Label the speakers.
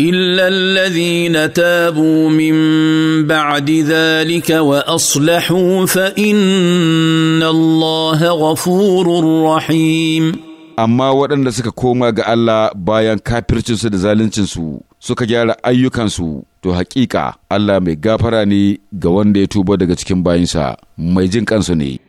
Speaker 1: الا الذين تابوا من بعد ذلك
Speaker 2: واصلحوا فان الله غفور رحيم amma waɗanda suka koma ga Allah bayan kafircinsu da zaluncinsu suka gyara ayyukansu to haƙiƙa Allah mai gafara ne ga wanda ya tuba
Speaker 3: daga cikin bayinsa mai jin kansu ne